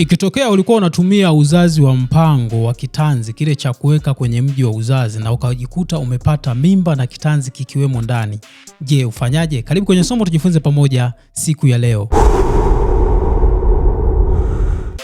Ikitokea ulikuwa unatumia uzazi wa mpango wa kitanzi kile cha kuweka kwenye mji wa uzazi na ukajikuta umepata mimba na kitanzi kikiwemo ndani, je, ufanyaje? Karibu kwenye somo tujifunze pamoja siku ya leo.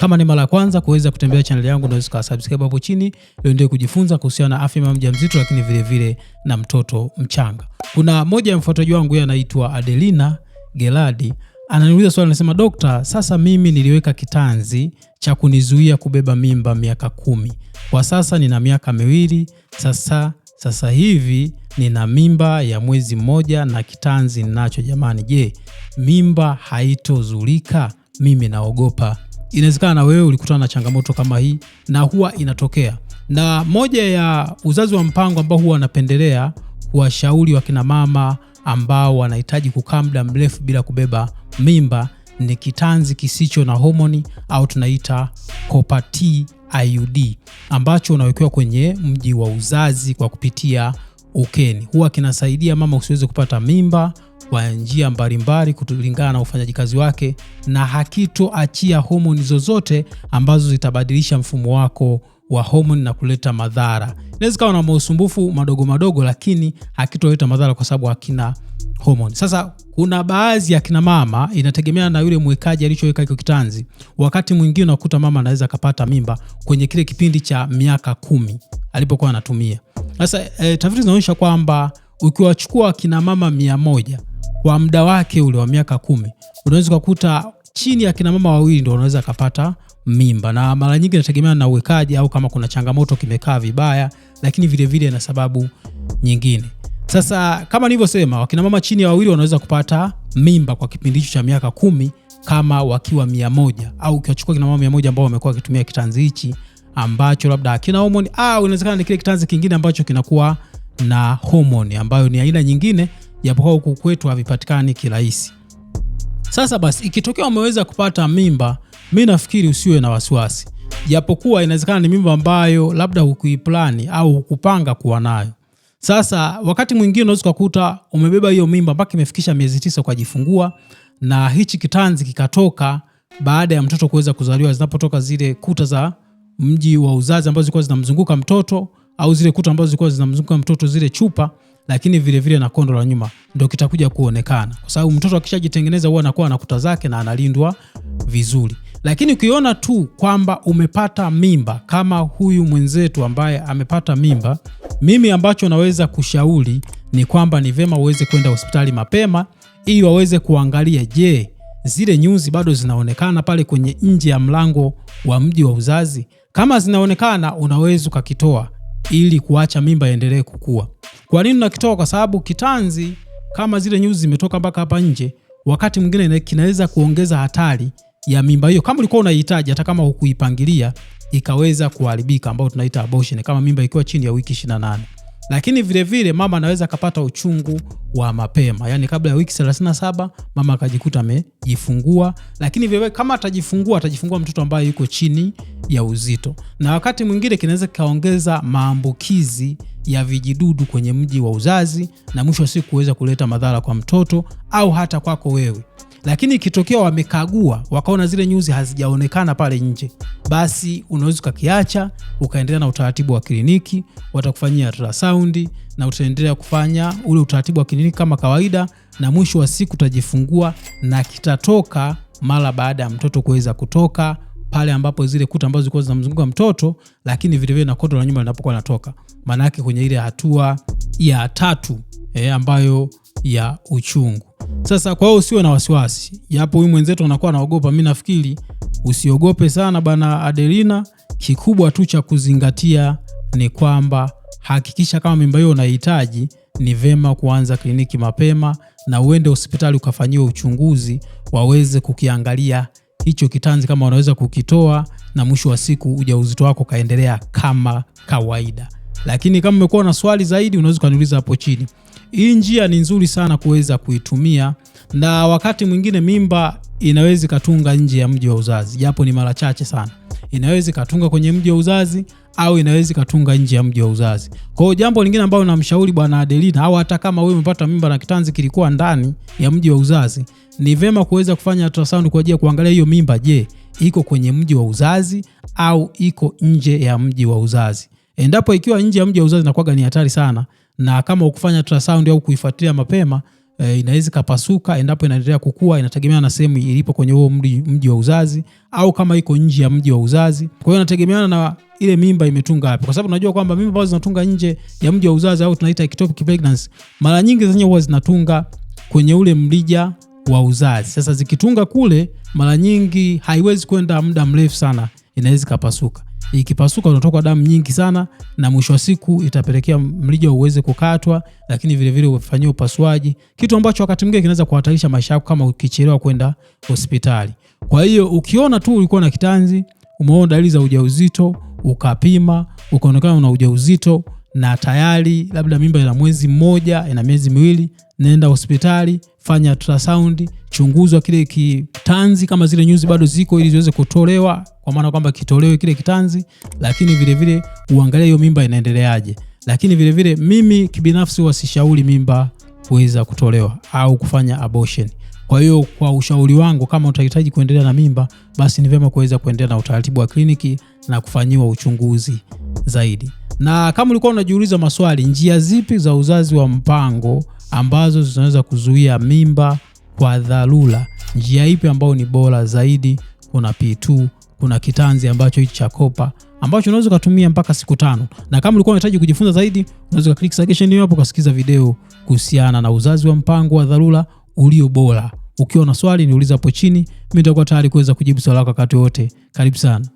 Kama ni mara ya kwanza kuweza kutembelea chaneli yangu, unaweza kusubscribe hapo chini uendelee kujifunza kuhusiana na afya mama mjamzito, lakini vile vile na mtoto mchanga. Kuna moja ya mfuataji wangu yeye anaitwa Adelina Geladi ananiuliza swali anasema, dokta, sasa mimi niliweka kitanzi cha kunizuia kubeba mimba miaka kumi. Kwa sasa nina miaka miwili sasa sasa hivi nina mimba ya mwezi mmoja na kitanzi ninacho. Jamani, je, mimba haitozulika? Mimi naogopa. Inawezekana na wewe ulikutana na changamoto kama hii, na huwa inatokea, na moja ya uzazi wa mpango ambao huwa wanapendelea kuwashauri wakinamama ambao wanahitaji kukaa muda mrefu bila kubeba mimba ni kitanzi kisicho na homoni au tunaita Copper T IUD ambacho unawekewa kwenye mji wa uzazi kwa kupitia ukeni. Huwa kinasaidia mama usiweze kupata mimba kwa njia mbalimbali kulingana na ufanyaji kazi wake, na hakitoachia homoni zozote ambazo zitabadilisha mfumo wako wa homoni na kuleta madhara. Inaweza kawa na mausumbufu madogo madogo, lakini hakitoleta madhara kwa sababu hakina homoni. Sasa kuna baadhi ya kina mama, inategemea na yule mwekaji alichoweka hicho kitanzi. Wakati mwingine unakuta mama anaweza akapata mimba kwenye kile kipindi cha miaka kumi alipokuwa anatumia. Sasa e, tafiti zinaonyesha kwamba ukiwachukua kina mama mia moja kwa muda wake ule wa miaka kumi, unaweza ukakuta chini ya kina mama wawili ndio wanaweza akapata mimba, na mara nyingi inategemeana na uwekaji au kama kuna changamoto kimekaa vibaya, lakini vilevile na sababu nyingine. Sasa kama nilivyosema, wakina mama chini ya wawili wanaweza kupata mimba kwa kipindi hicho cha miaka kumi kama wakiwa mia moja au ukiwachukua kina mama mia moja ambao wamekuwa wakitumia kitanzi hichi ambacho labda hakina homoni au inawezekana ni kile kitanzi kingine ambacho kinakuwa na homoni ambayo ni aina nyingine japokuwa huku kwetu havipatikani kirahisi. Sasa basi, ikitokea umeweza kupata mimba, mi nafikiri usiwe na wasiwasi, japokuwa inawezekana ni mimba ambayo labda hukuiplani au hukupanga kuwa nayo. Sasa wakati mwingine unaweza ukakuta umebeba hiyo mimba mpaka imefikisha miezi tisa ukajifungua, na hichi kitanzi kikatoka baada ya mtoto kuweza kuzaliwa, zinapotoka zile kuta za mji wa uzazi ambazo zilikuwa zinamzunguka mtoto au zile kuta ambazo zilikuwa zinamzunguka mtoto, zile chupa lakini vile vile na kondo la nyuma ndio kitakuja kuonekana, kwa sababu mtoto akishajitengeneza huwa anakuwa na kuta zake na analindwa vizuri. Lakini ukiona tu kwamba umepata mimba kama huyu mwenzetu ambaye amepata mimba, mimi ambacho naweza kushauri ni kwamba ni vema uweze kwenda hospitali mapema ili waweze kuangalia, je, zile nyuzi bado zinaonekana pale kwenye nje ya mlango wa mji wa uzazi? Kama zinaonekana, unaweza ukakitoa ili kuacha mimba iendelee kukua. Kwa nini nakitoa? Kwa sababu kitanzi kama zile news zimetoka mpaka hapa nje, wakati mwingine kinaweza kuongeza hatari ya mimba hiyo, kama ulikuwa unaihitaji, hata kama hukuipangilia, ikaweza kuharibika, ambayo tunaita abortion, kama mimba ikiwa chini ya wiki 28. Lakini vile vile mama anaweza akapata uchungu wa mapema, yani kabla ya wiki 37 mama akajikuta amejifungua. Lakini vile kama atajifungua, atajifungua mtoto ambaye yuko chini ya uzito, na wakati mwingine kinaweza kikaongeza maambukizi ya vijidudu kwenye mji wa uzazi, na mwisho wa siku kuweza kuleta madhara kwa mtoto au hata kwako wewe. Lakini ikitokea wamekagua wakaona zile nyuzi hazijaonekana pale nje, basi unaweza ukakiacha ukaendelea na utaratibu wa kliniki, watakufanyia ultrasound na utaendelea kufanya ule utaratibu wa kliniki kama kawaida, na mwisho wa siku utajifungua na kitatoka mara baada ya mtoto kuweza kutoka pale ambapo zile kuta ambazo zilikuwa zinamzunguka mtoto, lakini vile na kondo la nyuma linapokuwa linatoka, maana yake kwenye ile hatua ya tatu eh, ambayo ya uchungu. Sasa kwa hiyo usiwe na wasiwasi, japo huyu mwenzetu anakuwa anaogopa. Mimi nafikiri usiogope sana bana Adelina, kikubwa tu cha kuzingatia ni kwamba hakikisha kama mimba hiyo unahitaji, ni vema kuanza kliniki mapema na uende hospitali ukafanyiwa uchunguzi, waweze kukiangalia hicho kitanzi kama wanaweza kukitoa, na mwisho wa siku ujauzito wako kaendelea kama kawaida. Lakini kama umekuwa na swali zaidi, unaweza ukaniuliza hapo chini. Hii njia ni nzuri sana kuweza kuitumia, na wakati mwingine mimba inaweza ikatunga nje ya mji wa uzazi, japo ni mara chache sana. Inaweza ikatunga kwenye mji wa uzazi au inaweza ikatunga nje ya mji wa uzazi. Kwa hiyo jambo lingine ambalo namshauri bwana Adelina, au hata kama wewe umepata mimba na kitanzi kilikuwa ndani ya mji wa uzazi, ni vema kuweza kufanya ultrasound kwa ajili ya kuangalia hiyo mimba, je, iko kwenye mji wa uzazi au iko nje ya mji wa uzazi. Endapo ikiwa nje ya mji wa uzazi, inakuwa ni hatari sana, na kama ukufanya ultrasound au kuifuatilia mapema e, inaweza ikapasuka endapo inaendelea kukua, inategemeana na sehemu ilipo kwenye huo mji wa uzazi, au kama iko nje ya mji wa uzazi. Kwa hiyo inategemeana na ile mimba imetunga wapi, kwa sababu tunajua kwamba mimba ambazo zinatunga nje ya mji wa uzazi au tunaita ectopic pregnancy, mara nyingi zenyewe huwa zinatunga kwenye ule mrija wa uzazi. Sasa zikitunga kule, mara nyingi haiwezi kwenda muda mrefu sana, inaweza ikapasuka. Ikipasuka unatoka damu nyingi sana, na mwisho wa siku itapelekea mrija uweze kukatwa, lakini vile vile ufanyie upasuaji, kitu ambacho wakati mwingine kinaweza kuhatarisha maisha yako kama ukichelewa kwenda hospitali. Kwa hiyo ukiona tu ulikuwa na kitanzi, umeona dalili za ujauzito, ukapima, ukaonekana una ujauzito na tayari labda mimba ina mwezi mmoja, ina miezi miwili, nenda hospitali, fanya ultrasound, chunguzwa kile kitanzi, kama zile nyuzi bado ziko, ili ziweze kutolewa, kwa maana kwamba kitolewe kile kitanzi, lakini vile vile uangalie hiyo mimba inaendeleaje. Lakini vile vile mimi kibinafsi wasishauri mimba kuweza kutolewa au kufanya abortion. Kwa hiyo kwa ushauri wangu, kama utahitaji kuendelea na mimba, basi ni vyema kuweza kuendelea na utaratibu wa kliniki na kufanyiwa uchunguzi zaidi. Na kama ulikuwa unajiuliza maswali, njia zipi za uzazi wa mpango ambazo zinaweza kuzuia mimba kwa dharura, njia ipi ambayo ni bora zaidi? Kuna P2, kuna kitanzi ambacho hichi cha kopa ambacho unaweza ukatumia mpaka siku tano. Na kama ulikuwa unahitaji kujifunza zaidi, unaweza click suggestion hiyo hapo ukasikiza video kuhusiana na uzazi wa mpango wa dharura ulio bora. Ukiwa na swali niuliza hapo chini, mimi nitakuwa tayari kuweza kujibu swali lako wakati wote. Karibu sana.